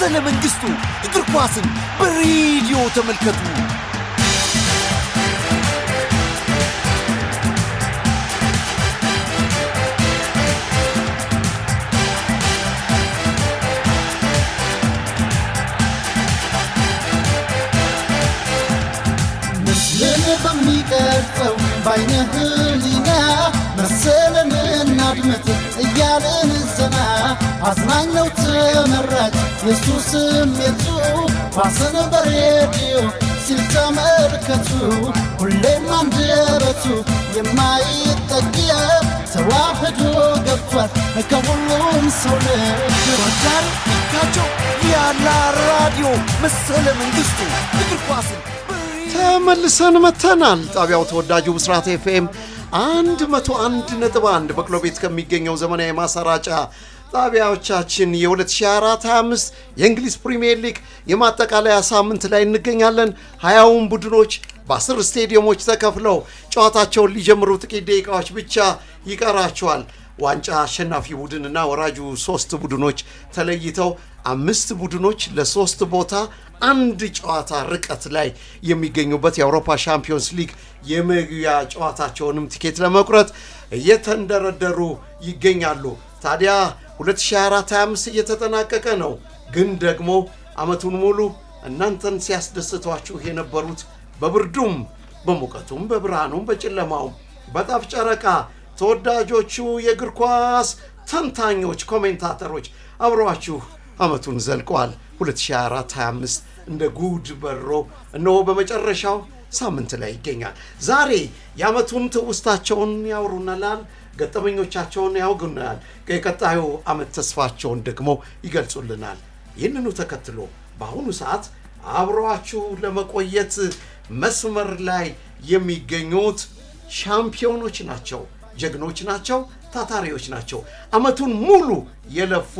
سنة من قصته دركواسن بريديو تملكته مثل نبمي كافة وبينه لنا مثل نبمي አድምጥ እያልን ዘና አዝናኝ ነው ተመራጭ የሱ ስሜቱ ባሰነ በሬዲዮ ሲል ተመልከቱ ሁሌም አንደበቱ የማይጠገብ ተዋህዶ ገብቷል ከሁሉም ሰው ወዳር ካቸው ያላ ራዲዮ መሰለ መንግስቱ እግር ኳስን ተመልሰን መተናል። ጣቢያው ተወዳጁ ብስራት ኤፍኤም አንድ መቶ አንድ ነጥብ አንድ በቅሎ ቤት ከሚገኘው ዘመናዊ ማሰራጫ ጣቢያዎቻችን የ2024/25 የእንግሊዝ ፕሪምየር ሊግ የማጠቃለያ ሳምንት ላይ እንገኛለን። ሀያውን ቡድኖች በአስር ስቴዲየሞች ተከፍለው ጨዋታቸውን ሊጀምሩ ጥቂት ደቂቃዎች ብቻ ይቀራቸዋል። ዋንጫ አሸናፊ ቡድንና ወራጁ ሶስት ቡድኖች ተለይተው አምስት ቡድኖች ለሶስት ቦታ አንድ ጨዋታ ርቀት ላይ የሚገኙበት የአውሮፓ ሻምፒዮንስ ሊግ የመግቢያ ጨዋታቸውንም ቲኬት ለመቁረጥ እየተንደረደሩ ይገኛሉ። ታዲያ 2024/25 እየተጠናቀቀ ነው። ግን ደግሞ ዓመቱን ሙሉ እናንተን ሲያስደስቷችሁ የነበሩት በብርዱም በሙቀቱም በብርሃኑም በጨለማውም በጣፍ ጨረቃ ተወዳጆቹ የእግር ኳስ ተንታኞች ኮሜንታተሮች አብረዋችሁ ዓመቱን ዘልቀዋል። 2024/25 እንደ ጉድ በሮ እነሆ በመጨረሻው ሳምንት ላይ ይገኛል። ዛሬ የአመቱን ትውስታቸውን ያወሩናላል፣ ገጠመኞቻቸውን ያውጉናል፣ የቀጣዩ አመት ተስፋቸውን ደግሞ ይገልጹልናል። ይህንኑ ተከትሎ በአሁኑ ሰዓት አብረዋችሁ ለመቆየት መስመር ላይ የሚገኙት ሻምፒዮኖች ናቸው፣ ጀግኖች ናቸው፣ ታታሪዎች ናቸው። አመቱን ሙሉ የለፉ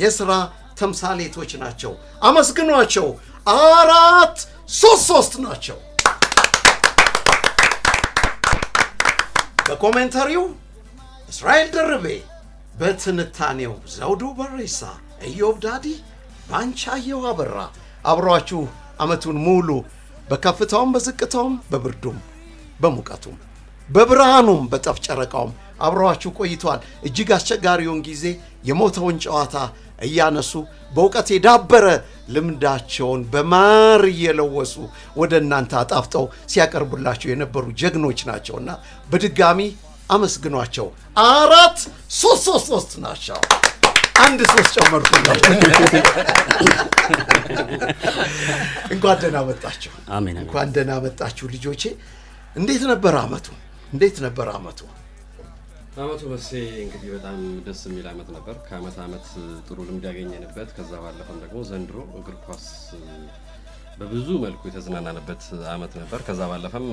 የስራ ተምሳሌቶች ናቸው። አመስግኗቸው። አራት ሶስት ሶስት ናቸው። በኮሜንተሪው እስራኤል ደርቤ፣ በትንታኔው ዘውዱ በሬሳ፣ ኢዮብ ዳዲ፣ ባንቻየሁ አበራ አብሯችሁ ዓመቱን ሙሉ በከፍታውም በዝቅታውም በብርዱም በሙቀቱም በብርሃኑም በጠፍ ጨረቃውም አብረዋችሁ ቆይተዋል። እጅግ አስቸጋሪውን ጊዜ የሞተውን ጨዋታ እያነሱ በእውቀት የዳበረ ልምዳቸውን በማር እየለወሱ ወደ እናንተ አጣፍጠው ሲያቀርቡላቸው የነበሩ ጀግኖች ናቸውና በድጋሚ አመስግኗቸው። አራት ሶስት ሶስት ሶስት ናቸው። አንድ ሶስት ጨመርኩላቸው። እንኳን ደህና መጣችሁ፣ እንኳን ደህና መጣችሁ ልጆቼ። እንዴት ነበር አመቱ? እንዴት ነበር አመቱ? አመቱ በሴ እንግዲህ በጣም ደስ የሚል አመት ነበር። ከአመት አመት ጥሩ ልምድ ያገኘንበት ከዛ ባለፈም ደግሞ ዘንድሮ እግር ኳስ በብዙ መልኩ የተዝናናንበት አመት ነበር። ከዛ ባለፈም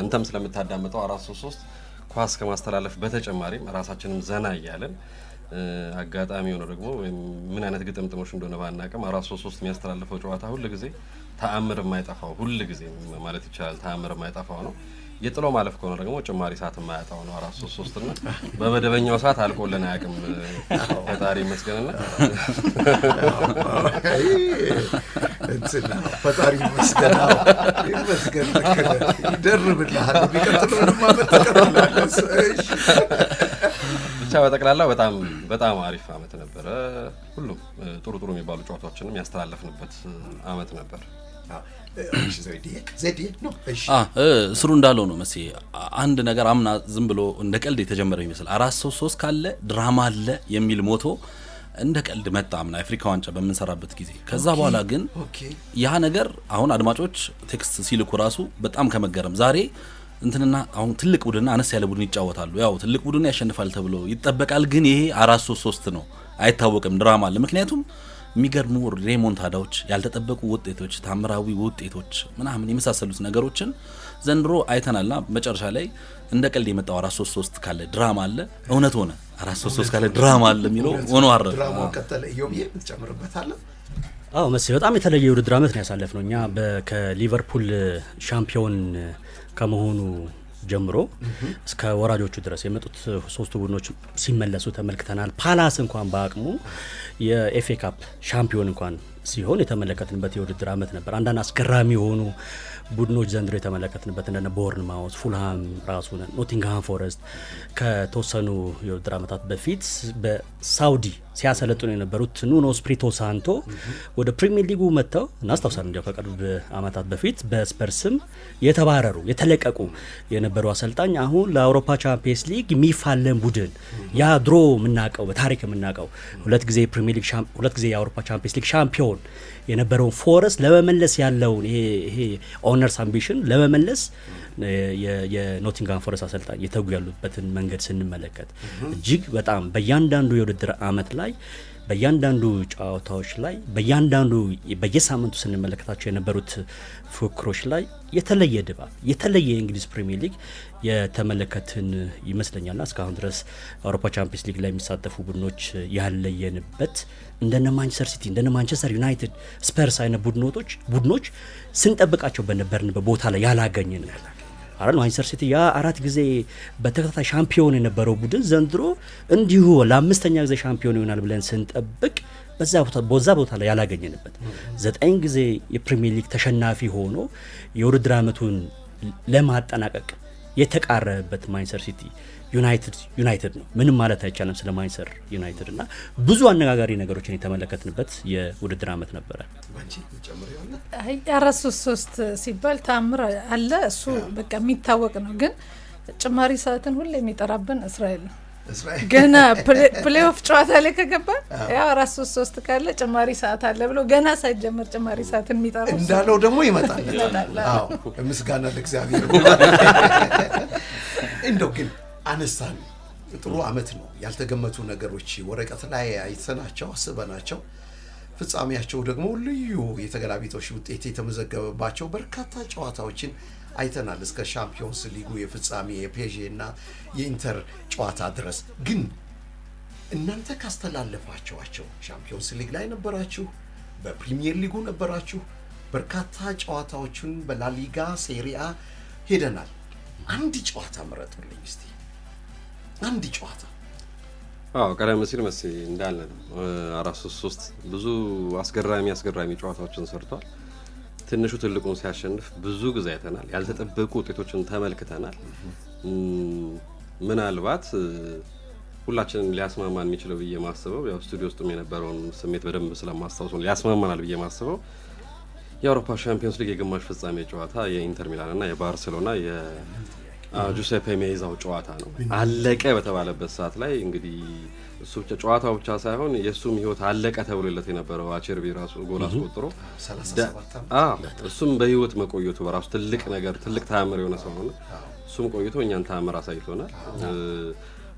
አንተም ስለምታዳምጠው አራት ሶስት ሶስት ኳስ ከማስተላለፍ በተጨማሪም ራሳችንም ዘና እያለን አጋጣሚ ሆኖ ደግሞ ምን አይነት ግጥምጥሞች እንደሆነ ባናቅም አራት ሶስት ሶስት የሚያስተላልፈው ጨዋታ ሁል ጊዜ ተአምር የማይጠፋው ሁል ጊዜ ማለት ይቻላል ተአምር የማይጠፋው ነው። የጥሎ ማለፍ ከሆነ ደግሞ ጭማሪ ሰዓት የማያጣው ነው። አራት ሶስት ሶስት ና በመደበኛው ሰዓት አልቆልን አያውቅም። ፈጣሪ ይመስገንና ፈጣሪ ይመስገን ይመስገን ይደርብልሃል። የሚቀጥለው ብቻ በጠቅላላ በጣም በጣም አሪፍ አመት ነበረ። ሁሉም ጥሩ ጥሩ የሚባሉ ጨዋታዎችንም ያስተላለፍንበት አመት ነበር። ስሩ እንዳለው ነው መስ አንድ ነገር አምና ዝም ብሎ እንደ ቀልድ የተጀመረ ይመስል አራት ሰው ሶስት ካለ ድራማ አለ የሚል ሞቶ እንደ ቀልድ መጣ አምና አፍሪካ ዋንጫ በምንሰራበት ጊዜ። ከዛ በኋላ ግን ያ ነገር አሁን አድማጮች ቴክስት ሲልኩ ራሱ በጣም ከመገረም ዛሬ እንትንና አሁን ትልቅ ቡድንና አነስ ያለ ቡድን ይጫወታሉ። ያው ትልቅ ቡድን ያሸንፋል ተብሎ ይጠበቃል። ግን ይሄ አራት ሶስት ሶስት ነው፣ አይታወቅም፣ ድራማ አለ ምክንያቱም የሚገርሙ ሬሞንታዳዎች፣ ያልተጠበቁ ውጤቶች፣ ታምራዊ ውጤቶች ምናምን የመሳሰሉት ነገሮችን ዘንድሮ አይተናልና መጨረሻ ላይ እንደ ቀልድ የመጣው አራት ሶስት ሶስት ካለ ድራማ አለ እውነት ሆነ አራት ሶስት ሶስት ካለ ድራማ አለ የሚለው ሆኖ አረ ቀጠለ እዮብዬ አዎ መስ በጣም የተለየ የውድድር አመት ነው ነው። እኛ ከሊቨርፑል ሻምፒዮን ከመሆኑ ጀምሮ እስከ ወራጆቹ ድረስ የመጡት ሶስቱ ቡድኖች ሲመለሱ ተመልክተናል። ፓላስ እንኳን በአቅሙ የኤፌ ካፕ ሻምፒዮን እንኳን ሲሆን የተመለከትንበት የውድድር አመት ነበር። አንዳንድ አስገራሚ የሆኑ ቡድኖች ዘንድሮ የተመለከትንበት እንደነ ቦርንማውዝ፣ ፉልሃም፣ ራሱ ኖቲንግሃም ፎረስት ከተወሰኑ የውድድር አመታት በፊት በሳውዲ ሲያሰለጥኑ የነበሩት ኑኖ ስፕሪቶ ሳንቶ ወደ ፕሪሚየር ሊጉ መጥተው እናስታውሳለን። እንዲያው ከቅርብ አመታት በፊት በስፐርስም የተባረሩ የተለቀቁ የነበሩ አሰልጣኝ አሁን ለአውሮፓ ቻምፒየንስ ሊግ የሚፋለን ቡድን ያ ድሮ የምናውቀው በታሪክ የምናውቀው ሁለት ጊዜ ፕሪሚየር ሊግ ሁለት ጊዜ የአውሮፓ ቻምፒየንስ ሊግ ሻምፒዮን የነበረውን ፎረስት ለመመለስ ያለውን ይሄ ኦነርስ አምቢሽን ለመመለስ የኖቲንጋም ፎረስት አሰልጣኝ የተጉ ያሉበትን መንገድ ስንመለከት እጅግ በጣም በእያንዳንዱ የውድድር አመት ላይ በእያንዳንዱ ጨዋታዎች ላይ በእያንዳንዱ በየሳምንቱ ስንመለከታቸው የነበሩት ፉክክሮች ላይ የተለየ ድባብ የተለየ የእንግሊዝ ፕሪሚየር ሊግ የተመለከትን ይመስለኛልና እስካሁን ድረስ አውሮፓ ቻምፒንስ ሊግ ላይ የሚሳተፉ ቡድኖች ያለየንበት እንደነ ማንቸስተር ሲቲ እንደነ ማንቸስተር ዩናይትድ፣ ስፐርስ አይነት ቡድኖች ቡድኖች ስንጠብቃቸው በነበርን በቦታ ላይ ያላገኘን አረል ማንቸስተር ሲቲ ያ አራት ጊዜ በተከታታይ ሻምፒዮን የነበረው ቡድን ዘንድሮ እንዲሁ ለአምስተኛ ጊዜ ሻምፒዮን ይሆናል ብለን ስንጠብቅ በዛ ቦታ ላይ ያላገኘንበት ዘጠኝ ጊዜ የፕሪሚየር ሊግ ተሸናፊ ሆኖ የውድድር ዓመቱን ለማጠናቀቅ የተቃረበበት ማንቸስተር ሲቲ ዩናይትድ ዩናይትድ ነው። ምንም ማለት አይቻልም ስለ ማንችስተር ዩናይትድ እና ብዙ አነጋጋሪ ነገሮችን የተመለከትንበት የውድድር ዓመት ነበረ። አራት ሶስት ሶስት ሲባል ተአምር አለ። እሱ በቃ የሚታወቅ ነው። ግን ጭማሪ ሰዓትን ሁሌ የሚጠራብን እስራኤል ነው። ገና ፕሌኦፍ ጨዋታ ላይ ከገባ ያው አራት ሶስት ሶስት ካለ ጭማሪ ሰዓት አለ ብሎ ገና ሳይጀምር ጭማሪ ሰዓት የሚጠሩ እንዳለው ደግሞ ይመጣል። ምስጋና ለእግዚአብሔር እንደው ግን አነሳን። ጥሩ ዓመት ነው። ያልተገመቱ ነገሮች ወረቀት ላይ አይተናቸው አስበናቸው ፍጻሜያቸው ደግሞ ልዩ የተገላቢጦሽ ውጤት የተመዘገበባቸው በርካታ ጨዋታዎችን አይተናል። እስከ ሻምፒዮንስ ሊጉ የፍጻሜ የፔዤ እና የኢንተር ጨዋታ ድረስ ግን እናንተ ካስተላለፋችኋቸው ሻምፒዮንስ ሊግ ላይ ነበራችሁ፣ በፕሪሚየር ሊጉ ነበራችሁ። በርካታ ጨዋታዎችን በላሊጋ ሴሪያ ሄደናል። አንድ ጨዋታ ምረጡልኝ እስቲ። አንድ ጨዋታ አዎ ቀደም ሲል መስ እንዳለ ነው አራት ሶስት ሶስት ብዙ አስገራሚ አስገራሚ ጨዋታዎችን ሰርቷል። ትንሹ ትልቁን ሲያሸንፍ ብዙ ጊዜ አይተናል። ያልተጠበቁ ውጤቶችን ተመልክተናል። ምናልባት ሁላችንም ሊያስማማን የሚችለው ብዬ ማስበው ያው ስቱዲዮ ውስጥም የነበረውን ስሜት በደንብ ስለማስታውሰው ሊያስማማናል ብዬ ማስበው የአውሮፓ ሻምፒዮንስ ሊግ የግማሽ ፍጻሜ ጨዋታ የኢንተር ሚላን እና የባርሴሎና ጁሴፔ ሜዛው ጨዋታ ነው አለቀ በተባለበት ሰዓት ላይ እንግዲህ እሱ ብቻ ጨዋታው ብቻ ሳይሆን የእሱም ህይወት አለቀ ተብሎለት የነበረው አቸርቢ ራሱ ጎል አስቆጥሮ እሱም በህይወት መቆየቱ በራሱ ትልቅ ነገር ትልቅ ተአምር የሆነ ሰው ሆነ። እሱም ቆይቶ እኛን ተአምር አሳይቶናል።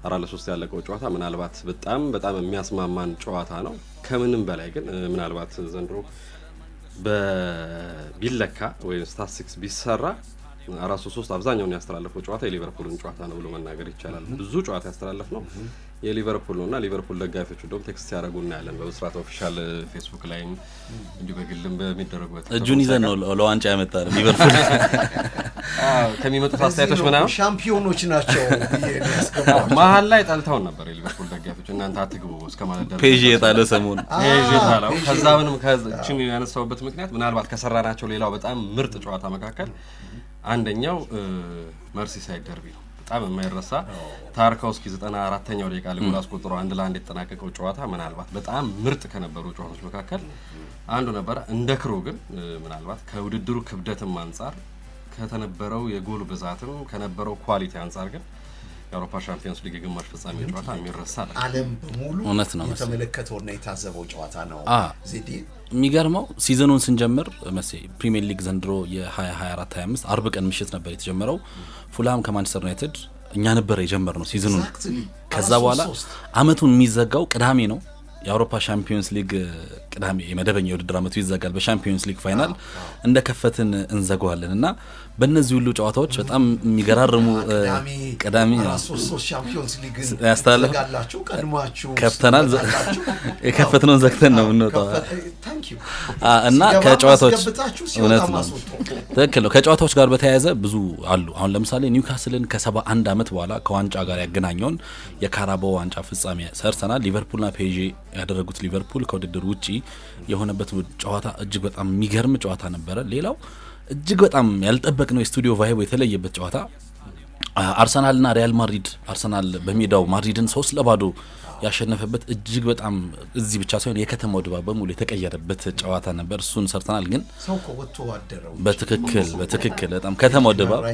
አራት ለሶስት ያለቀው ጨዋታ ምናልባት በጣም በጣም የሚያስማማን ጨዋታ ነው። ከምንም በላይ ግን ምናልባት ዘንድሮ ቢለካ ወይም ስታትስቲክስ ቢሰራ አራት ሶስት አብዛኛውን ያስተላለፈው ጨዋታ የሊቨርፑልን ጨዋታ ነው ብሎ መናገር ይቻላል። ብዙ ጨዋታ ያስተላለፍ ነው የሊቨርፑል ነው እና ሊቨርፑል ደጋፊዎች እንደውም ቴክስት ያደረጉ እናያለን። በብስራት ኦፊሻል ፌስቡክ ላይም እንዲሁ በግልም በሚደረጉበት እጁን ይዘን ነው ለዋንጫ ያመጣ ሊቨርፑል ከሚመጡት አስተያየቶች ምናምን ሻምፒዮኖች ናቸው መሀል ላይ ጠልተውን ነበር የሊቨርፑል ደጋፊዎች እናንተ አትግቡ እስከ ማለት ደ ፔዥ የጣለ ሰሞኑን ከዛ ምንም ከችም ያነሳውበት ምክንያት ምናልባት ከሰራ ናቸው ሌላው በጣም ምርጥ ጨዋታ መካከል አንደኛው መርሲሳይድ ደርቢ ነው። በጣም የማይረሳ ታርካውስኪ ዘጠና አራተኛው ደቂቃ ላይ ጎል አስቆጥሮ አንድ ለአንድ የተጠናቀቀው ጨዋታ ምናልባት በጣም ምርጥ ከነበሩ ጨዋታዎች መካከል አንዱ ነበረ። እንደ ክሮ ግን ምናልባት ከውድድሩ ክብደትም አንጻር ከተነበረው የጎል ብዛትም ከነበረው ኳሊቲ አንጻር ግን የአውሮፓ ሻምፒዮንስ ሊግ ግማሽ ፍጻሜ ጨዋታ የሚረሳ ዓለም በሙሉ እውነት ነው የተመለከተውና የታዘበው ጨዋታ ነው። ዜዴ የሚገርመው ሲዘኑን ስንጀምር መሴ ፕሪሚየር ሊግ ዘንድሮ የ2024/25 አርብ ቀን ምሽት ነበር የተጀመረው። ፉልሃም ከማንቸስተር ዩናይትድ እኛ ነበር የጀመርነው ሲዝኑን። ከዛ በኋላ አመቱን የሚዘጋው ቅዳሜ ነው። የአውሮፓ ሻምፒዮንስ ሊግ ቅዳሜ የመደበኛ የውድድር አመቱ ይዘጋል በሻምፒዮንስ ሊግ ፋይናል። እንደ ከፈትን እንዘገዋለን እና በእነዚህ ሁሉ ጨዋታዎች በጣም የሚገራርሙ ቀዳሚ ከፍተናል። የከፈትነውን ዘግተን ነው የምንወጣው እና ከጨዋታዎች እውነት ነው ትክክል ነው። ከጨዋታዎች ጋር በተያያዘ ብዙ አሉ። አሁን ለምሳሌ ኒውካስልን ከሰባ አንድ ዓመት በኋላ ከዋንጫ ጋር ያገናኘውን የካራባ ዋንጫ ፍጻሜ ሰርተናል። ሊቨርፑልና ፔዥ ያደረጉት ሊቨርፑል ከውድድር ውጭ የሆነበት ጨዋታ እጅግ በጣም የሚገርም ጨዋታ ነበረ። ሌላው እጅግ በጣም ያልጠበቅነው የስቱዲዮ ቫይቦ የተለየበት ጨዋታ አርሰናልና ሪያል ማድሪድ አርሰናል በሜዳው ማድሪድን ሶስት ለባዶ ያሸነፈበት እጅግ በጣም እዚህ ብቻ ሳይሆን የከተማው ድባብ በሙሉ የተቀየረበት ጨዋታ ነበር። እሱን ሰርተናል፣ ግን በትክክል በትክክል በጣም ከተማው ድባብ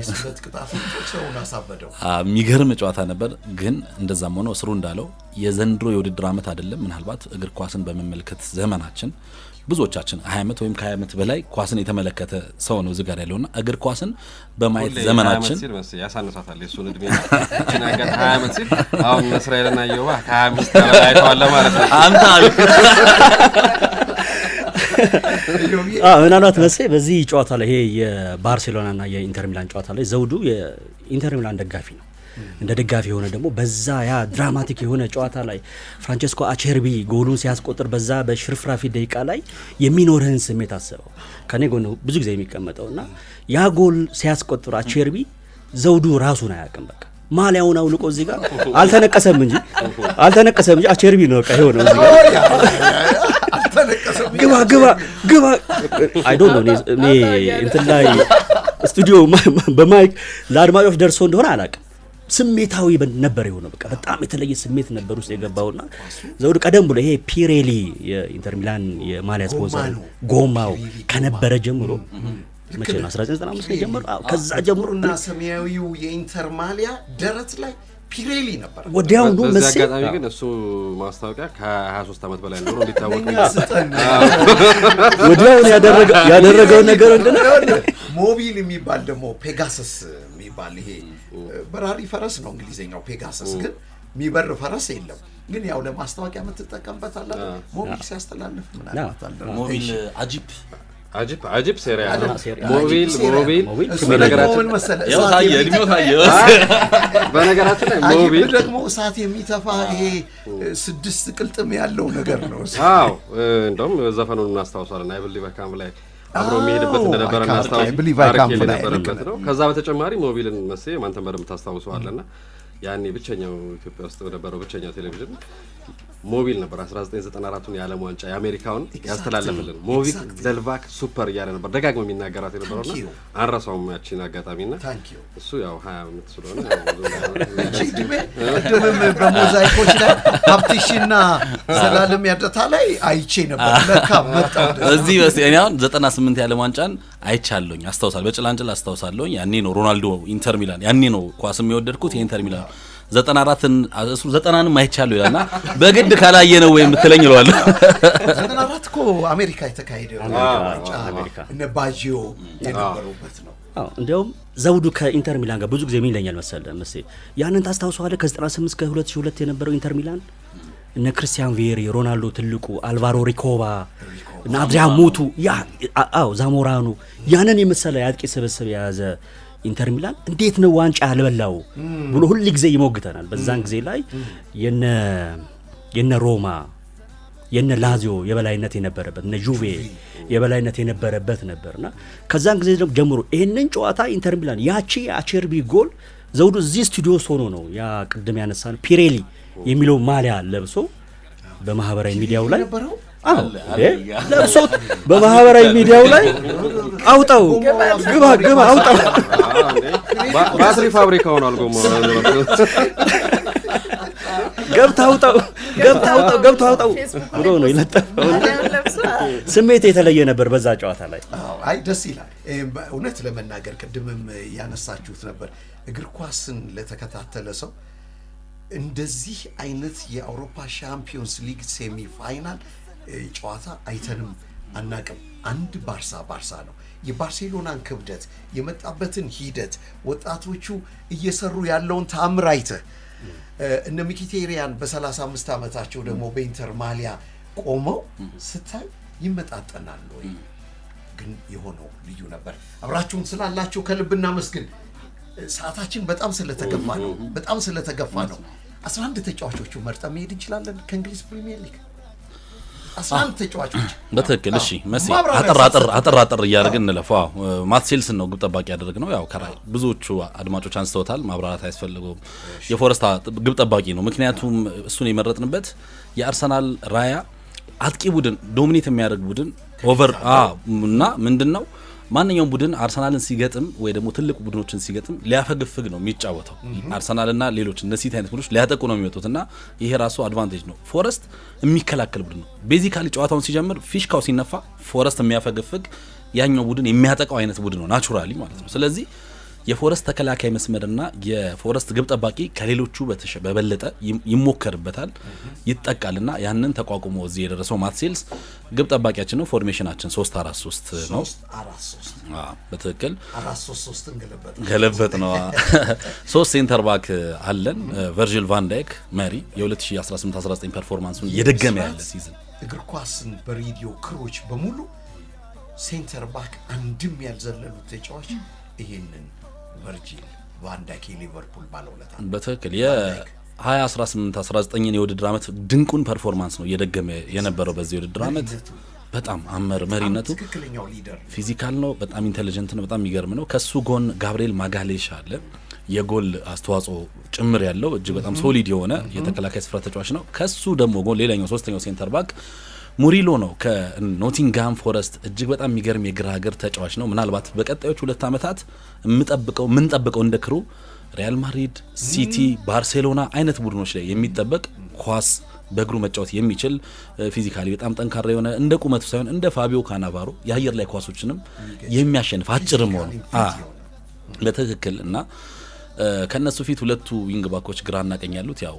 የሚገርም ጨዋታ ነበር። ግን እንደዛም ሆኖ እስሩ እንዳለው የዘንድሮ የውድድር ዓመት አይደለም። ምናልባት እግር ኳስን በመመልከት ዘመናችን ብዙዎቻችን ሀያ ዓመት ወይም ከሀያ ዓመት በላይ ኳስን የተመለከተ ሰው ነው እዚህ ጋር ያለውና እግር ኳስን በማየት ዘመናችን ያሳንሳታል። እድሜ ከሀያ አምስት አይተዋለ ማለት ነው። ምናልባት መስ በዚህ ጨዋታ ላይ ይሄ የባርሴሎናና የኢንተር ሚላን ጨዋታ ላይ ዘውዱ የኢንተር ሚላን ደጋፊ ነው። እንደ ደጋፊ የሆነ ደግሞ በዛ ያ ድራማቲክ የሆነ ጨዋታ ላይ ፍራንቸስኮ አቼርቢ ጎሉን ሲያስቆጥር በዛ በሽርፍራፊ ደቂቃ ላይ የሚኖርህን ስሜት አስበው። ከኔ ጎን ብዙ ጊዜ የሚቀመጠው እና ያ ጎል ሲያስቆጥር አቼርቢ ዘውዱ ራሱን አያውቅም። በቃ ማሊያውን አውልቆ እዚህ ጋር አልተነቀሰም እንጂ አልተነቀሰም እንጂ አቸርቢ ነው በቃ የሆነው እዚህ ጋር ግባ ግባ ግባ አይ ዶንት ኖ እኔ እንትን ላይ ስቱዲዮ በማይክ ለአድማጮች ደርሶ እንደሆነ አላውቅም። ስሜታዊ ነበር የሆነው። በቃ በጣም የተለየ ስሜት ነበር ውስጥ የገባውና ዘውድ ቀደም ብሎ ይሄ ፒሬሊ የኢንተር ሚላን የማሊያ ስፖንሰር ጎማው ከነበረ ጀምሮ መቼ ነው 1995 ጀምሮ ከዛ ጀምሮ እና ሰማያዊው የኢንተር ማሊያ ደረት ላይ ፒሬሊ ነበር ወዲያው ነው አጋጣሚ ግን እሱ ማስታወቂያ ከ23 ዓመት በላይ ነው እንዲታወቅ ወዲያው ያደረገው ነገር እንደነ ሞቢል የሚባል ደግሞ ፔጋሰስ የሚባል ይሄ በራሪ ፈረስ ነው እንግሊዝኛው ፔጋሰስ ግን የሚበር ፈረስ የለም። ግን ያው ለማስታወቂያ የምትጠቀምበት አለ። ሞቢል ሲያስተላልፍ ምናልባት ሞቢል አጂፕ አጂፕ አጂፕ ሴሪያ ነው። ሞቢል ሞቢል ምን መሰለህ በነገራችን ላይ ሞቢል ደግሞ እሳት የሚተፋ ይሄ ስድስት ቅልጥም ያለው ነገር ነው። አዎ እንደውም ዘፈኑን እናስታውሳለን አይብል በካም ላይ አብሮ የሚሄድበት እንደነበረ የሚያስታውስነበረበት ነው። ከዛ በተጨማሪ ሞቢልን መስ አንተን በደንብ ታስታውሰዋለና ያኔ ብቸኛው ኢትዮጵያ ውስጥ በነበረው ብቸኛው ቴሌቪዥን ሞቢል ነበር 1994ቱን የዓለም ዋንጫ የአሜሪካውን ያስተላለፍልን ሞቢል ደልቫክ ሱፐር እያለ ነበር ደጋግሞ የሚናገራት ና አንረሳውም ያችን አጋጣሚ ና እሱ ያው ሀያ አመት ስለሆነ ቅድምም በሞዛይኮች ላይ ሀብትሺ ና ዘላለም ያደታ ላይ አይቼ ነበር። ለካ መጣ እዚህ እኔ አሁን 98 የዓለም ዋንጫን አይቻለሁኝ አስታውሳለሁ። በጭላንጭል አስታውሳለሁኝ። ያኔ ነው ሮናልዶ ኢንተር ሚላን ያኔ ነው ኳስ የሚወደድኩት የኢንተር ሚላን ዘጠና አራትን እሱ ዘጠናንም አይቻለሁ ይላልና በግድ ካላየ ነው ወይም ትለኝ እለዋለሁ። ዘጠና እኮ አሜሪካ የተካሄደ እነ ባጂዮ የነበሩበት ነው። እንዲያውም ዘውዱ ከኢንተር ሚላን ጋር ብዙ ጊዜ ምን ይለኛል መሰለ መሴ ያንን ታስታውሰዋለህ? ከ98 እስከ 2002 የነበረው ኢንተር ሚላን እነ ክርስቲያን ቪዬሪ፣ ሮናልዶ ትልቁ፣ አልቫሮ ሪኮባ እና አድሪያን ሙቱ፣ ያ አዎ ዛሞራኑ ያንን የመሰለ የአጥቂ ስብስብ የያዘ ኢንተር ሚላን እንዴት ነው ዋንጫ ያልበላው ብሎ ሁል ጊዜ ይሞግተናል። በዛን ጊዜ ላይ የነ ሮማ የነ ላዚዮ የበላይነት የነበረበት እነ ጁቬ የበላይነት የነበረበት ነበርና ከዛን ጊዜ ጀምሮ ይህንን ጨዋታ ኢንተር ሚላን ያቺ የአቼርቢ ጎል ዘውዱ እዚህ ስቱዲዮ ሆኖ ነው ያ ቅድም ያነሳን ፒሬሊ የሚለው ማሊያ ለብሶ በማህበራዊ ሚዲያው ላይ ለብሶት በማህበራዊ ሚዲያው ላይ አውጣው፣ ግባ ግባ፣ አውጣው። ባትሪ ፋብሪካ ሆኗል። ጎማ ገብታ አውጣው፣ ገብታ አውጣው፣ ገብታ አውጣው ብሎ ነው የለጠፈው። ስሜት የተለየ ነበር በዛ ጨዋታ ላይ። አይ ደስ ይላል እውነት ለመናገር ቅድምም ያነሳችሁት ነበር እግር ኳስን ለተከታተለ ሰው እንደዚህ አይነት የአውሮፓ ሻምፒዮንስ ሊግ ሴሚ ፋይናል ጨዋታ አይተንም አናቅም። አንድ ባርሳ ባርሳ ነው። የባርሴሎናን ክብደት የመጣበትን ሂደት ወጣቶቹ እየሰሩ ያለውን ታምር አይተህ እነ ሚኪቴሪያን በ35 ዓመታቸው ደግሞ በኢንተር ማሊያ ቆመው ስታይ ይመጣጠናል ወይ? ግን የሆነው ልዩ ነበር። አብራችሁን ስላላችሁ ከልብ እናመስግን። ሰዓታችን በጣም ስለተገፋ ነው በጣም ስለተገፋ ነው። 11 ተጫዋቾቹ መርጠ መሄድ እንችላለን ከእንግሊዝ ፕሪሚየር ሊግ አስራ ተጫዋቾች በትክክል እሺ፣ መሲ አጠራጠር አጠራጠር እያደረግን እንለፉ። ማትሴልስን ነው ግብ ጠባቂ ያደረግ ነው። ያው ከራይ ብዙዎቹ አድማጮች አንስተውታል፣ ማብራራት አያስፈልገውም። የፎረስታ ግብ ጠባቂ ነው። ምክንያቱም እሱን የመረጥንበት የአርሰናል ራያ አጥቂ ቡድን ዶሚኔት የሚያደርግ ቡድን ኦቨር እና ምንድን ነው ማንኛውም ቡድን አርሰናልን ሲገጥም ወይ ደግሞ ትልቅ ቡድኖችን ሲገጥም ሊያፈግፍግ ነው የሚጫወተው። አርሰናልና ሌሎች እነ ሲቲ አይነት ቡድኖች ሊያጠቁ ነው የሚወጡት እና ይሄ ራሱ አድቫንቴጅ ነው። ፎረስት የሚከላከል ቡድን ነው። ቤዚካሊ ጨዋታውን ሲጀምር ፊሽካው ሲነፋ ፎረስት የሚያፈግፍግ ያኛው ቡድን የሚያጠቃው አይነት ቡድን ነው ናቹራሊ ማለት ነው። ስለዚህ የፎረስት ተከላካይ መስመርና የፎረስት ግብ ጠባቂ ከሌሎቹ በበለጠ ይሞከርበታል፣ ይጠቃልና ያንን ተቋቁሞ እዚህ የደረሰው ማትሴልስ ግብ ጠባቂያችን ነው። ፎርሜሽናችን ሶስት ነው። በትክክል ገለበጥ ነው። ሶስት ሴንተር ባክ አለን። ቨርጅል ቫንዳይክ መሪ የ2018/19 ፐርፎርማንሱን እየደገመ ያለ ሲዝን እግር ኳስን በሬዲዮ ክሮች በሙሉ ሴንተር ባክ አንድም ያልዘለሉት ተጫዋች ይሄንን ቨርጂል ቫንዳይክ ሊቨርፑል ባለውለታ በትክክል የ2018 19 የውድድር ዓመት ድንቁን ፐርፎርማንስ ነው እየደገመ የነበረው። በዚህ የውድድር ዓመት በጣም አመር መሪነቱ ፊዚካል ነው። በጣም ኢንቴሊጀንት ነው። በጣም የሚገርም ነው። ከሱ ጎን ጋብርኤል ማጋሌሽ አለ። የጎል አስተዋጽኦ ጭምር ያለው እጅግ በጣም ሶሊድ የሆነ የተከላካይ ስፍራ ተጫዋች ነው። ከሱ ደግሞ ጎን ሌላኛው ሶስተኛው ሴንተር ባክ ሙሪሎ ነው ከኖቲንግሃም ፎረስት እጅግ በጣም የሚገርም የግራ ሀገር ተጫዋች ነው። ምናልባት በቀጣዮች ሁለት ዓመታት የምጠብቀው የምንጠብቀው እንደ ክሩ ሪያል ማድሪድ፣ ሲቲ፣ ባርሴሎና አይነት ቡድኖች ላይ የሚጠበቅ ኳስ በእግሩ መጫወት የሚችል ፊዚካሊ በጣም ጠንካራ የሆነ እንደ ቁመቱ ሳይሆን እንደ ፋቢዮ ካናቫሮ የአየር ላይ ኳሶችንም የሚያሸንፍ አጭርም ሆነ በትክክል እና ከእነሱ ፊት ሁለቱ ዊንግ ባኮች ግራ ቀኝ ያሉት ያው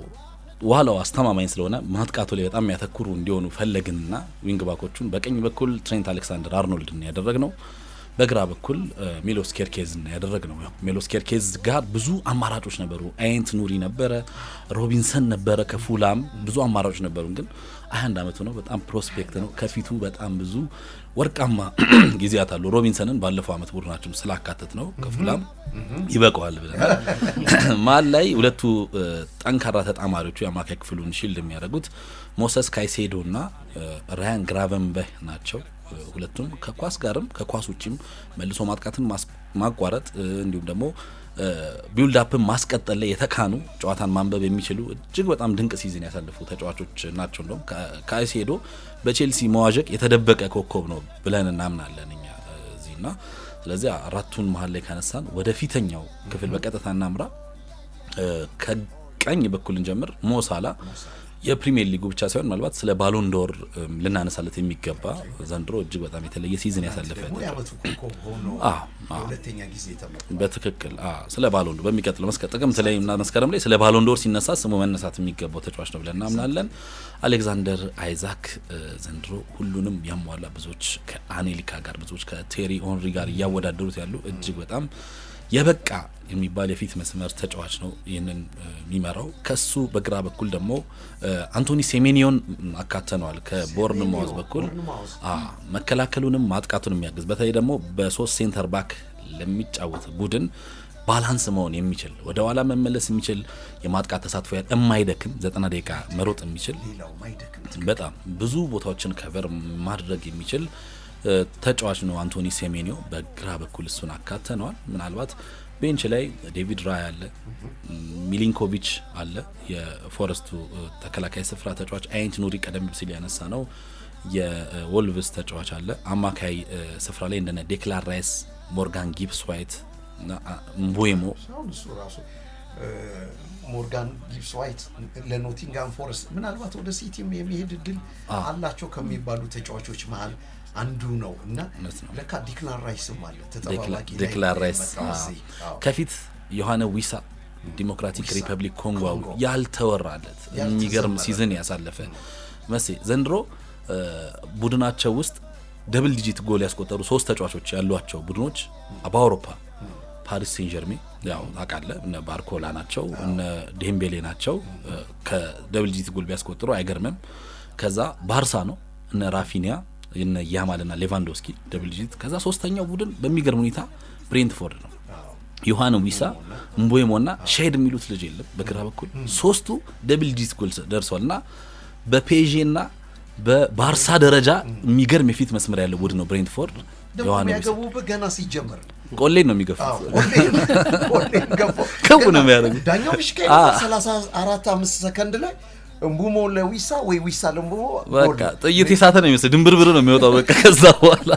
ዋላው አስተማማኝ ስለሆነ ማጥቃቱ ላይ በጣም ያተኩሩ እንዲሆኑ ፈለግንና ዊንግ ባኮቹን በቀኝ በኩል ትሬንት አሌክሳንደር አርኖልድን ያደረግ ነው። በግራ በኩል ሜሎስ ኬርኬዝን ያደረግ ነው። ሜሎስ ኬርኬዝ ጋር ብዙ አማራጮች ነበሩ። አይንት ኑሪ ነበረ፣ ሮቢንሰን ነበረ፣ ከፉላም ብዙ አማራጮች ነበሩ። ግን አንድ አመቱ ነው። በጣም ፕሮስፔክት ነው። ከፊቱ በጣም ብዙ ወርቃማ ጊዜያት አሉ። ሮቢንሰንን ባለፈው አመት ቡድናችን ስላካተት ነው ከፉላም ይበቀዋል ብለናል። መሀል ላይ ሁለቱ ጠንካራ ተጣማሪዎቹ የአማካይ ክፍሉን ሺልድ የሚያደርጉት ሞሰስ ካይሴዶ እና ራያን ግራቨንበህ ናቸው። ሁለቱም ከኳስ ጋርም ከኳስ ውጭም መልሶ ማጥቃትን ማቋረጥ እንዲሁም ደግሞ ቢውልድ አፕን ማስቀጠል ላይ የተካኑ ጨዋታን ማንበብ የሚችሉ እጅግ በጣም ድንቅ ሲዝን ያሳልፉ ተጫዋቾች ናቸው። እንደውም ከአይሴዶ በቼልሲ መዋዠቅ የተደበቀ ኮከብ ነው ብለን እናምናለን እኛ እዚህና። ስለዚህ አራቱን መሀል ላይ ካነሳን ወደ ፊተኛው ክፍል በቀጥታ እናምራ። ከቀኝ በኩል እንጀምር። ሞሳላ የፕሪሚየር ሊጉ ብቻ ሳይሆን ምናልባት ስለ ባሎን ዶር ልናነሳለት የሚገባ ዘንድሮ እጅግ በጣም የተለየ ሲዝን ያሳለፈ በትክክል ስለ ባሎን ዶር በሚቀጥለው ጥቅምት ላይ እና መስከረም ላይ ስለ ባሎን ዶር ሲነሳ ስሙ መነሳት የሚገባው ተጫዋች ነው ብለን እናምናለን። አሌክዛንደር አይዛክ ዘንድሮ ሁሉንም ያሟላ ብዙዎች ከአኔሊካ ጋር ብዙዎች ከቴሪ ኦንሪ ጋር እያወዳደሩት ያሉ እጅግ በጣም የበቃ የሚባል የፊት መስመር ተጫዋች ነው ይህንን የሚመራው። ከሱ በግራ በኩል ደግሞ አንቶኒ ሴሜኒዮን አካተነዋል። ከቦርንማውዝ በኩል መከላከሉንም ማጥቃቱን የሚያግዝ በተለይ ደግሞ በሶስት ሴንተር ባክ ለሚጫወት ቡድን ባላንስ መሆን የሚችል ወደ ኋላ መመለስ የሚችል የማጥቃት ተሳትፎ ያል የማይደክም ዘጠና ደቂቃ መሮጥ የሚችል በጣም ብዙ ቦታዎችን ከቨር ማድረግ የሚችል ተጫዋች ነው አንቶኒ ሴሜኒዮ። በግራ በኩል እሱን አካተነዋል። ምናልባት ቤንች ላይ ዴቪድ ራይ አለ፣ ሚሊንኮቪች አለ፣ የፎረስቱ ተከላካይ ስፍራ ተጫዋች አይንት ኑሪ ቀደም ሲል ያነሳ ነው የወልቭስ ተጫዋች አለ። አማካይ ስፍራ ላይ እንደነ ዴክላን ራይስ፣ ሞርጋን ጊብስ ዋይት እና ሞርጋን ጊብስ ዋይት ለኖቲንጋም ፎረስት ምናልባት ወደ ሲቲም የሚሄድ እድል አላቸው ከሚባሉ ተጫዋቾች መሀል አንዱ ነው እና ለካ ዲክላን ራይስ ማለት ተጠባባቂ ዲክላን ራይስ ከፊት የሆነ ዊሳ ዲሞክራቲክ ሪፐብሊክ ኮንጎ ያልተወራለት የሚገርም ሲዝን ያሳለፈ መሴ ዘንድሮ ቡድናቸው ውስጥ ደብል ዲጂት ጎል ያስቆጠሩ ሶስት ተጫዋቾች ያሏቸው ቡድኖች በአውሮፓ ፓሪስ ሴን ጀርሜ ያው ታውቃለህ፣ እነ ባርኮላ ናቸው፣ እነ ዴምቤሌ ናቸው። ከደብል ዲጂት ጎል ቢያስቆጥሩ አይገርምም። ከዛ ባርሳ ነው እነ ራፊኒያ እነ ያማልና ሌቫንዶስኪ ደብል ዲጂት። ከዛ ሶስተኛው ቡድን በሚገርም ሁኔታ ብሬንትፎርድ ነው። ዮሐን ዊሳ፣ ምቦሞ ና ሻይድ የሚሉት ልጅ የለም በግራ በኩል ሶስቱ ደብል ዲጂት ጎል ደርሷል ና በፔዤ ና በባርሳ ደረጃ የሚገርም የፊት መስመር ያለው ቡድን ነው ብሬንትፎርድ። ያገቡበት ገና ሲጀመር ቆሌን ነው የሚገፋው፣ ነው የሚያደርጉ ዳኛው ሰላሳ አራት አምስት ሰከንድ ላይ እምቡሞ ለዊሳ ወይ ዊሳ ለምቡሞ በቃ ጥይት የሳተ ነው የሚመስለው። ድንብርብር ነው የሚወጣው በቃ ከዛ በኋላ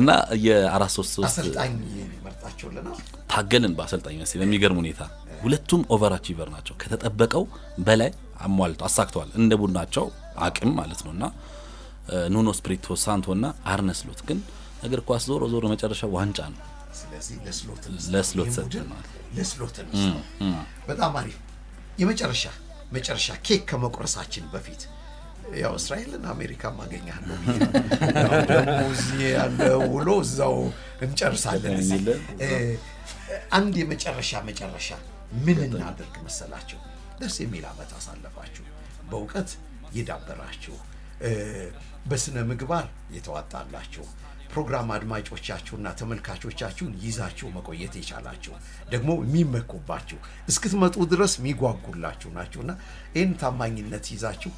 እና የአራት ሶስት ሶስት አሰልጣኝ መርጣቸውልናል። ታገልን በአሰልጣኝ መስ በሚገርም ሁኔታ ሁለቱም ኦቨር አቺቨር ናቸው። ከተጠበቀው በላይ አሟልተው አሳክተዋል። እንደ ቡድናቸው አቅም ማለት ነው እና ኑኖ ስፕሪቶ ሳንቶ እና አርነስሎት ግን እግር ኳስ ዞሮ ዞሮ መጨረሻ ዋንጫ ነው። ስለዚህ ለስሎት ለስሎት ሰጥተናል። ለስሎት በጣም አሪፍ የመጨረሻ መጨረሻ ኬክ ከመቁረሳችን በፊት ያው እስራኤልና አሜሪካ ማገኛለሁ ደግሞ እዚህ ያለ ውሎ እዛው እንጨርሳለን። አንድ የመጨረሻ መጨረሻ ምን እናድርግ መሰላቸው? ደስ የሚል ዓመት አሳለፋችሁ፣ በእውቀት የዳበራችሁ፣ በስነ ምግባር የተዋጣላችሁ ፕሮግራም አድማጮቻችሁና ተመልካቾቻችሁን ይዛችሁ መቆየት የቻላችሁ ደግሞ የሚመኩባችሁ እስክትመጡ ድረስ የሚጓጉላችሁ ናችሁና ይህን ታማኝነት ይዛችሁ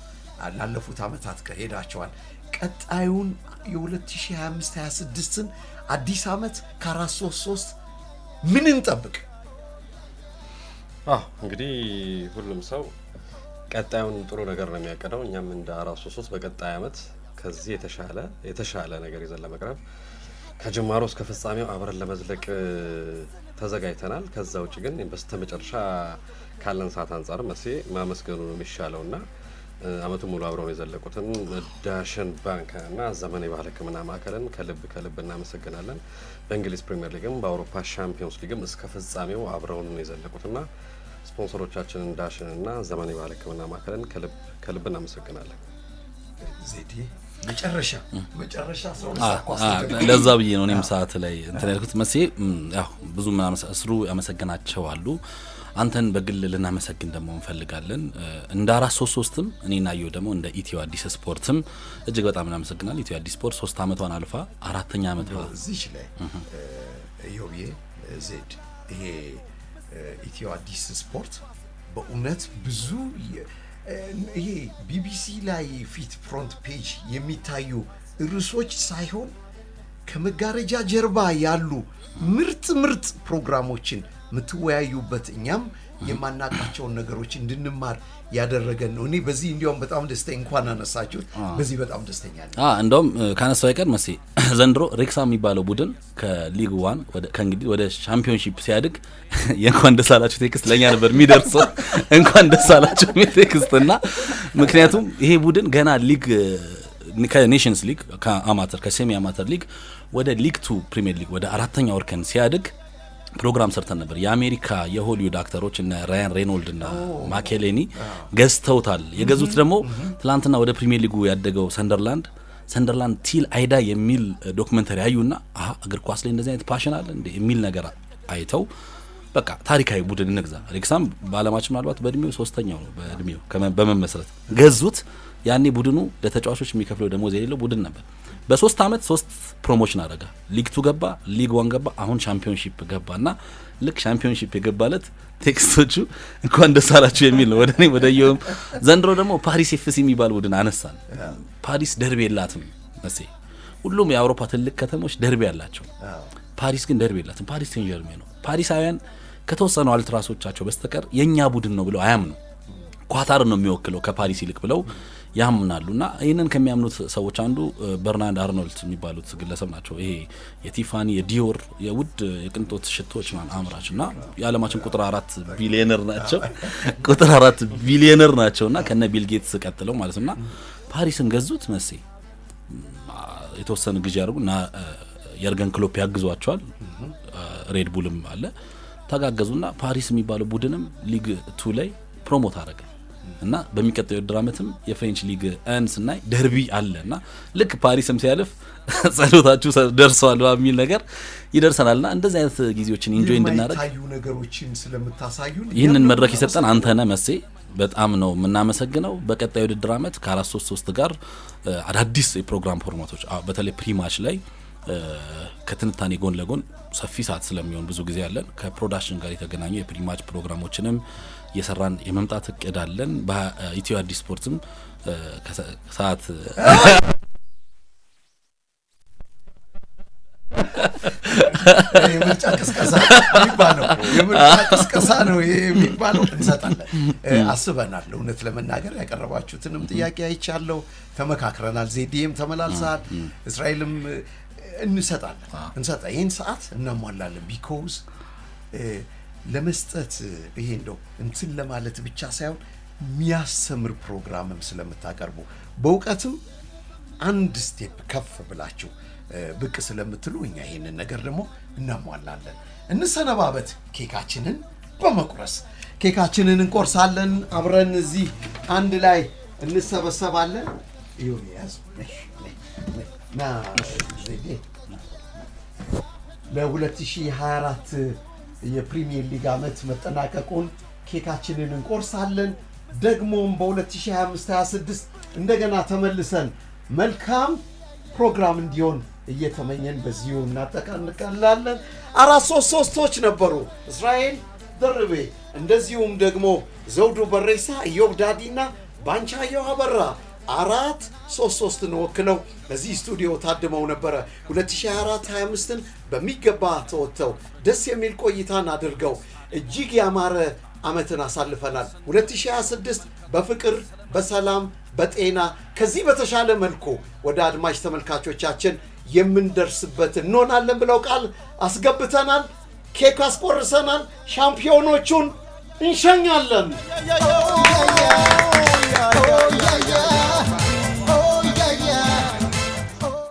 ላለፉት ዓመታት ከሄዳቸዋል ቀጣዩን የ2025/26ን አዲስ ዓመት ከ433 ምን እንጠብቅ? እንግዲህ ሁሉም ሰው ቀጣዩን ጥሩ ነገር ነው የሚያቀደው። እኛም እንደ 433 በቀጣይ ዓመት ከዚህ የተሻለ የተሻለ ነገር ይዘን ለመቅረብ ከጅማሮ እስከ ፍጻሜው አብረን ለመዝለቅ ተዘጋጅተናል። ከዛ ውጭ ግን በስተመጨረሻ ካለን ሰዓት አንጻር መሴ ማመስገኑ ነው የሚሻለውና አመቱን ሙሉ አብረውን የዘለቁትን ዳሽን እና ዘመን የባህል ሕክምና ማዕከልን ከልብ ከልብ እናመሰግናለን። በእንግሊዝ ፕሪምየር ሊግም በአውሮፓ ሻምፒዮንስ ሊግም እስከ ፍጻሜው አብረውን የዘለቁትና ስፖንሰሮቻችንን እና ዘመን የባህል ሕክምና ማዕከልን ከልብ ከልብ እናመሰግናለን። መጨረሻ መጨረሻ ለዛ ብዬ ነው እኔም ሰዓት ላይ እንትን ያልኩት። መሴ ያው ብዙ እስሩ ያመሰግናቸው አሉ። አንተን በግል ልናመሰግን ደግሞ እንፈልጋለን። እንደ አራት ሶስት ሶስትም እኔና ዮ ደግሞ እንደ ኢትዮ አዲስ ስፖርትም እጅግ በጣም እናመሰግናል። ኢትዮ አዲስ ስፖርት ሶስት አመቷን አልፋ አራተኛ አመቷ እዚች ላይ ዮብዬ ዜድ ይሄ ኢትዮ አዲስ ስፖርት በእውነት ብዙ ይሄ ቢቢሲ ላይ ፊት ፍሮንት ፔጅ የሚታዩ ርዕሶች ሳይሆን ከመጋረጃ ጀርባ ያሉ ምርጥ ምርጥ ፕሮግራሞችን የምትወያዩበት እኛም የማናቃቸውን ነገሮች እንድንማር ያደረገን ነው። እኔ በዚህ እንዲያውም በጣም ደስተ እንኳን አነሳችሁት፣ በዚህ በጣም ደስተኛ ነኝ። እንደውም ካነሳው አይቀር መሴ ዘንድሮ ሬክሳ የሚባለው ቡድን ከሊግ ዋን ከእንግዲህ ወደ ሻምፒዮንሺፕ ሲያድግ የእንኳን ደስ አላችሁ ቴክስት ለእኛ ነበር የሚደርሰው እንኳን ደስ አላችሁ ቴክስት እና ምክንያቱም ይሄ ቡድን ገና ሊግ ከኔሽንስ ሊግ ከአማተር ከሴሚ አማተር ሊግ ወደ ሊግ ቱ ፕሪሚየር ሊግ ወደ አራተኛ ወርከን ሲያድግ ፕሮግራም ሰርተን ነበር። የአሜሪካ የሆሊውድ አክተሮች እነ ራያን ሬኖልድ እና ማኬሌኒ ገዝተውታል። የገዙት ደግሞ ትላንትና ወደ ፕሪሚየር ሊጉ ያደገው ሰንደርላንድ ሰንደርላንድ ቲል አይዳ የሚል ዶክመንተሪ አዩና አሀ እግር ኳስ ላይ እንደዚህ አይነት ፓሽን አለ እንደ የሚል ነገር አይተው በቃ ታሪካዊ ቡድን እንግዛ። ሬክሳም በዓለማችን ምናልባት በእድሜው ሶስተኛው ነው በእድሜው በመመስረት ገዙት። ያኔ ቡድኑ ለተጫዋቾች የሚከፍለው ደሞዝ የሌለው ቡድን ነበር። በሶስት አመት ሶስት ፕሮሞሽን አደረጋ። ሊግ ቱ ገባ፣ ሊግ ዋን ገባ፣ አሁን ሻምፒዮንሺፕ ገባ እና ልክ ሻምፒዮንሺፕ የገባለት ቴክስቶቹ እንኳን ደስ አላችሁ የሚል ነው። ወደ እኔ ወደ ዘንድሮ ደግሞ ፓሪስ ኤፍሲ የሚባል ቡድን አነሳን። ፓሪስ ደርቤ የላትም መሴ ሁሉም የአውሮፓ ትልቅ ከተሞች ደርቤ ያላቸው፣ ፓሪስ ግን ደርቤ የላትም። ፓሪስ ሴን ነው። ፓሪሳውያን ከተወሰኑ አልትራሶቻቸው በስተቀር የእኛ ቡድን ነው ብለው አያምኑ። ኳታር ነው የሚወክለው ከፓሪስ ይልቅ ብለው ያምናሉ እና ይህንን ከሚያምኑት ሰዎች አንዱ በርናንድ አርኖልድ የሚባሉት ግለሰብ ናቸው። ይሄ የቲፋኒ የዲዮር የውድ የቅንጦት ሽቶዎች አምራች እና የዓለማችን ቁጥር አራት ቢሊዮነር ናቸው። ቁጥር አራት ቢሊዮነር ናቸው እና ከነ ጌትስ ቀጥለው ማለት እና ፓሪስን ገዙት መሴ የተወሰነ ጊዜ ያደርጉ እና የርገን ክሎፕ ያግዟቸዋል። ሬድቡልም አለ ተጋገዙና ፓሪስ የሚባለው ቡድንም ሊግ ቱ ላይ ፕሮሞት አረገ። እና በሚቀጥለው የውድድር ዓመትም የፍሬንች ሊግ አን ስናይ ደርቢ አለ እና ልክ ፓሪስም ሲያልፍ ጸሎታችሁ ደርሰዋል በሚል ነገር ይደርሰናል እና እንደዚህ አይነት ጊዜዎችን ኢንጆይ እንድናደርግ ይህንን መድረክ ይሰጠን አንተነ መሴ በጣም ነው የምናመሰግነው። በቀጣይ ውድድር ዓመት ከአራት ሶስት ሶስት ጋር አዳዲስ የፕሮግራም ፎርማቶች በተለይ ፕሪማች ላይ ከትንታኔ ጎን ለጎን ሰፊ ሰዓት ስለሚሆን ብዙ ጊዜ ያለን ከፕሮዳክሽን ጋር የተገናኙ የፕሪማች ፕሮግራሞችንም እየሰራን የመምጣት እቅድ አለን። በኢትዮ አዲስ ስፖርትም ሰዓት የምርጫ ቅስቀሳ የሚባለው የምርጫ ቅስቀሳ ነው ይሄ የሚባለው። እንሰጣለን አስበናል። እውነት ለመናገር ያቀረባችሁትንም ጥያቄ አይቻለሁ። ተመካክረናል። ዜዲኤም ተመላልሰሃል። እስራኤልም እንሰጣለን እንሰጣ ይህን ሰዓት እናሟላለን ቢኮዝ ለመስጠት ይሄ እንደው እንትን ለማለት ብቻ ሳይሆን የሚያስተምር ፕሮግራምም ስለምታቀርቡ በእውቀትም አንድ ስቴፕ ከፍ ብላችሁ ብቅ ስለምትሉ እኛ ይሄንን ነገር ደግሞ እናሟላለን። እንሰነባበት ኬካችንን በመቁረስ ኬካችንን እንቆርሳለን። አብረን እዚህ አንድ ላይ እንሰበሰባለን። ያዝ ለ2024 የፕሪሚየር ሊግ ዓመት መጠናቀቁን ኬካችንን እንቆርሳለን። ደግሞም በ2025/26 እንደገና ተመልሰን መልካም ፕሮግራም እንዲሆን እየተመኘን በዚሁ እናጠቃንቃላለን። አራት ሶስት ሶስቶች ነበሩ። እስራኤል ደርቤ፣ እንደዚሁም ደግሞ ዘውዱ በሬሳ፣ ኢዮብ ዳዲና ባንቻየው አበራ አራት ሶስት ሶስትን ወክለው በዚህ ስቱዲዮ ታድመው ነበረ። 2024 25ን በሚገባ ተወጥተው ደስ የሚል ቆይታን አድርገው እጅግ ያማረ ዓመትን አሳልፈናል። 2026 በፍቅር በሰላም በጤና ከዚህ በተሻለ መልኩ ወደ አድማጭ ተመልካቾቻችን የምንደርስበት እንሆናለን ብለው ቃል አስገብተናል። ኬክ አስቆርሰናል። ሻምፒዮኖቹን እንሸኛለን።